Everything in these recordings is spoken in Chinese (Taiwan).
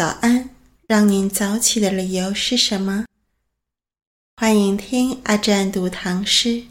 早安，讓您早起的理由是什麼？歡迎聽阿占讀唐詩。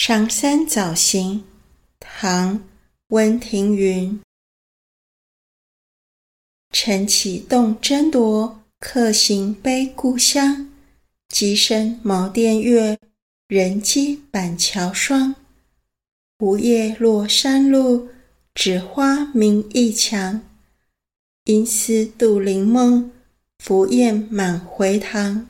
商山早行，唐·溫庭筠。晨起動徵鐸，客行悲故鄉。雞聲茅店月，人跡板橋霜。槲葉落山路，枳花明驛牆。因思杜陵夢，鳧雁滿回塘。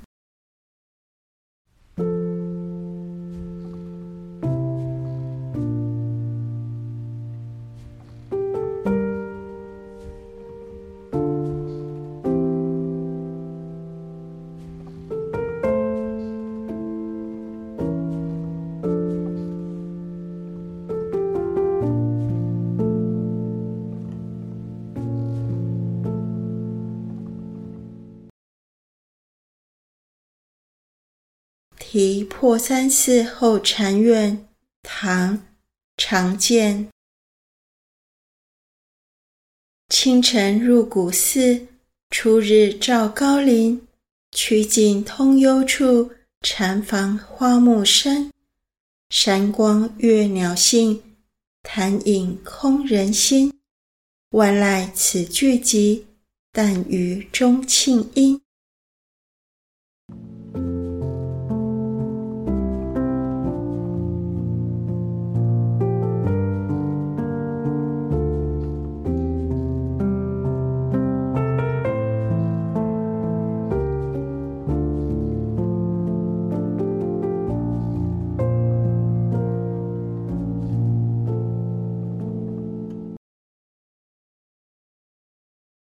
題破山寺後禪院，唐·常建。清晨入古寺，初日照高林。曲徑通幽處，禪房花木深。山光悅鳥性，潭影空人心。萬籟此俱寂，但餘鐘磬音。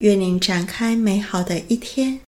願您展開美好的一天。